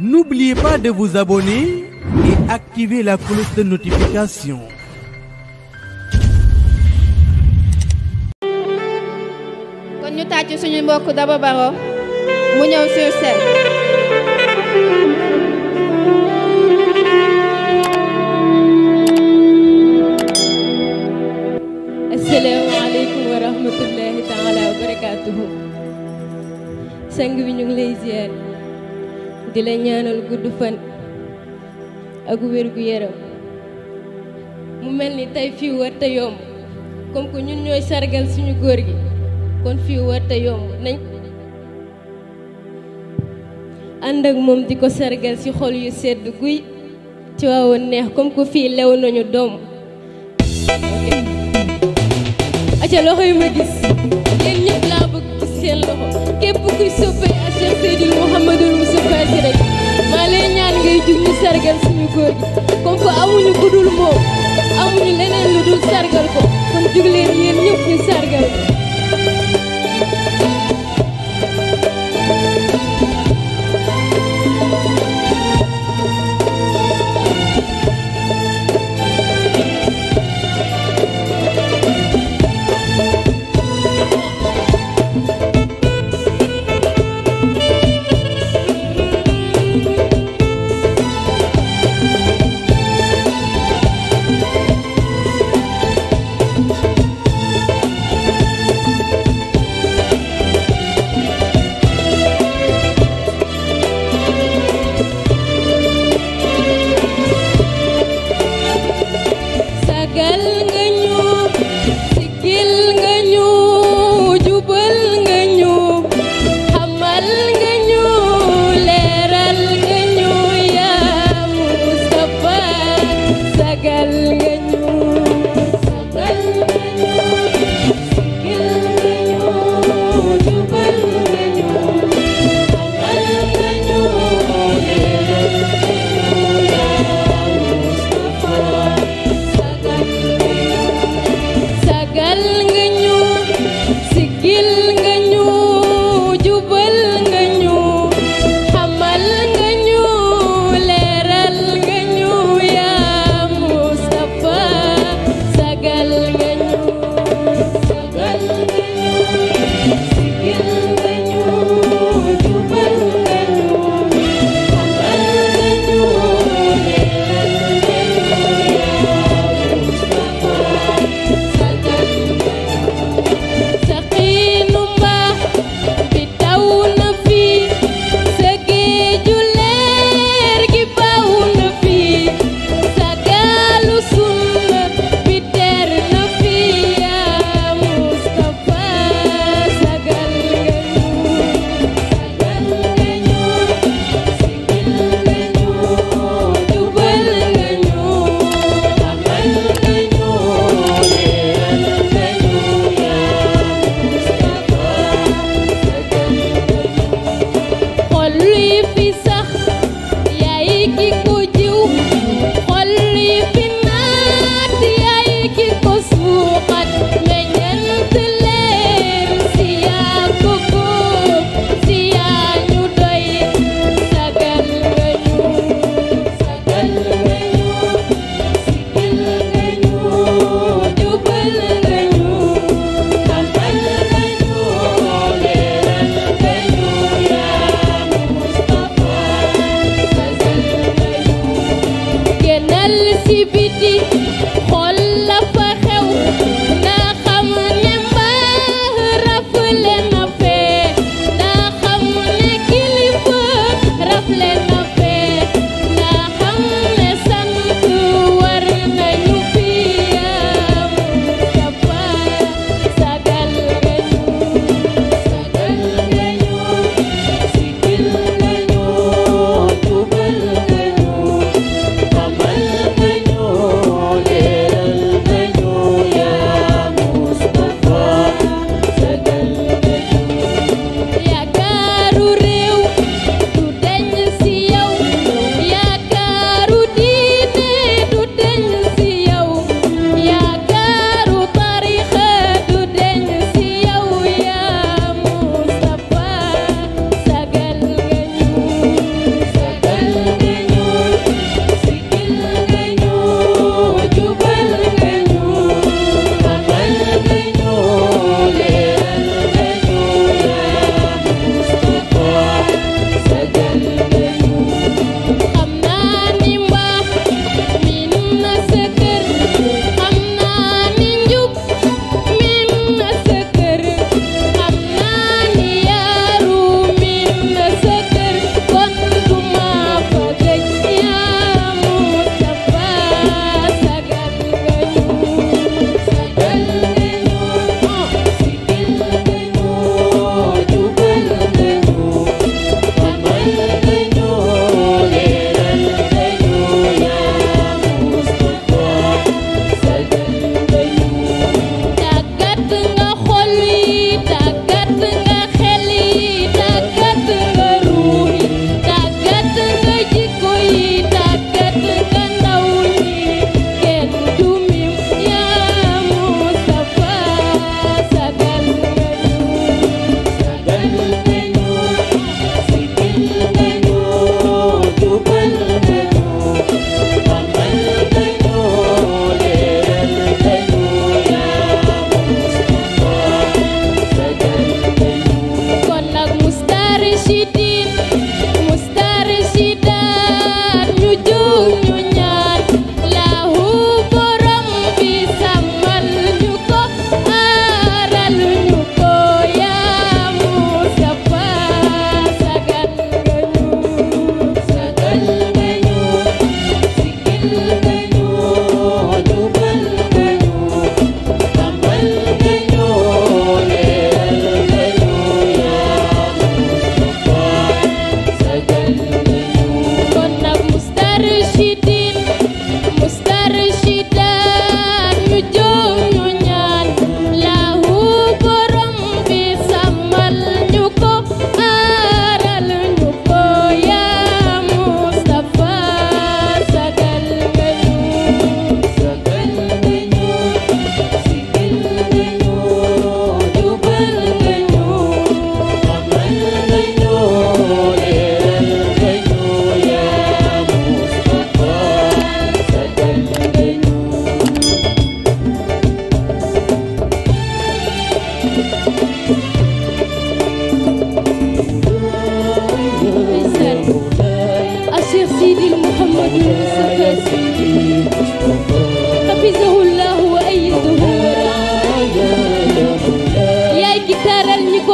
N'oubliez pas de vous abonner et activer la cloche de notification. kon ñu tàcc suñu mbokk Daba Baro wa rahmatullahi wa ñu di la ñaanal gudd fan ak wér gu yaram mu mel ni tey fii war te yomb comme que ñun ñooy sargal suñu góor gi kon fii war te yomb nañ ak moom di ko sargal ci xol yu sedd guy ci waawoon neex comme que fii lew nañu doom aca loxo yu ma gis yéen ñëpp laa bëgg gis seen loxo képp kuy soppee Cheikh Seydil Mouhamadul Moustapha Sy rek maa lay ñaan ngay jug ñu sargal suñu góor gi comme que amuñu ku dul moom amuñu leneen lu dul sargal ko kon jug leen ñëpp ñu sargal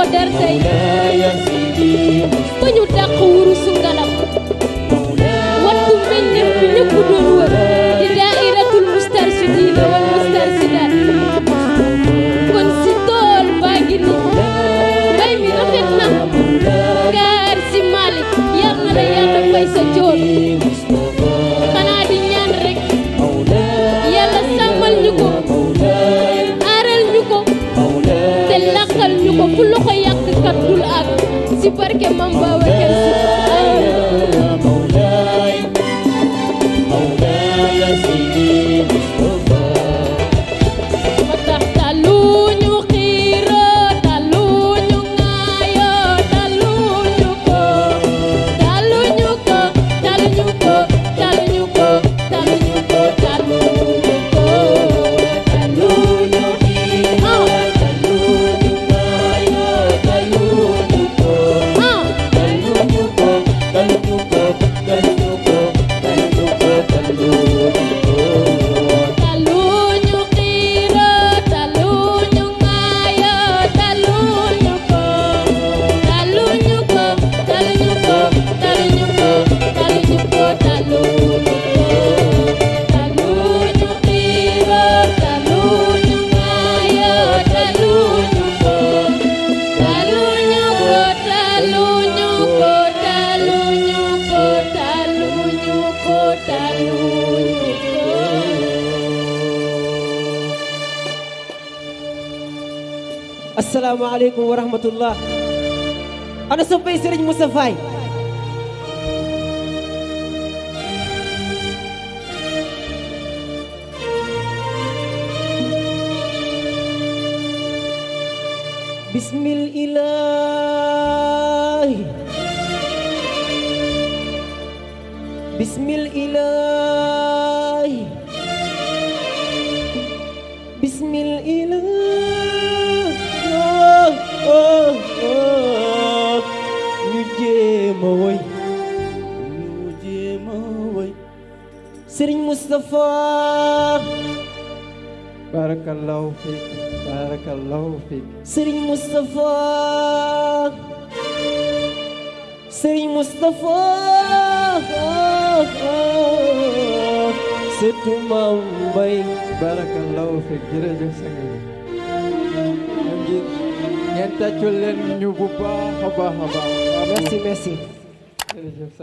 kodar zai ko nyuta ko waktu menjer punya kudu di dairatul mustar sidi lawan mustar sida kon sitol bagi ni bay mi rafet na gar si malik porque é mambo asalaamaaleykum wa rahmatullah ana soppey sëriñ Moussa Faye bismil ilaahi bismil ilaahi bismil ilaahi sëriñ Moustapha barakallahu fiik barakallahu fiik sëriñ Moustapha sëriñ Moustapha surtout maam Mbay barakallahu fiik jërëjëf sang bi ngeen tàccul leen ñu bu baax a baax a baax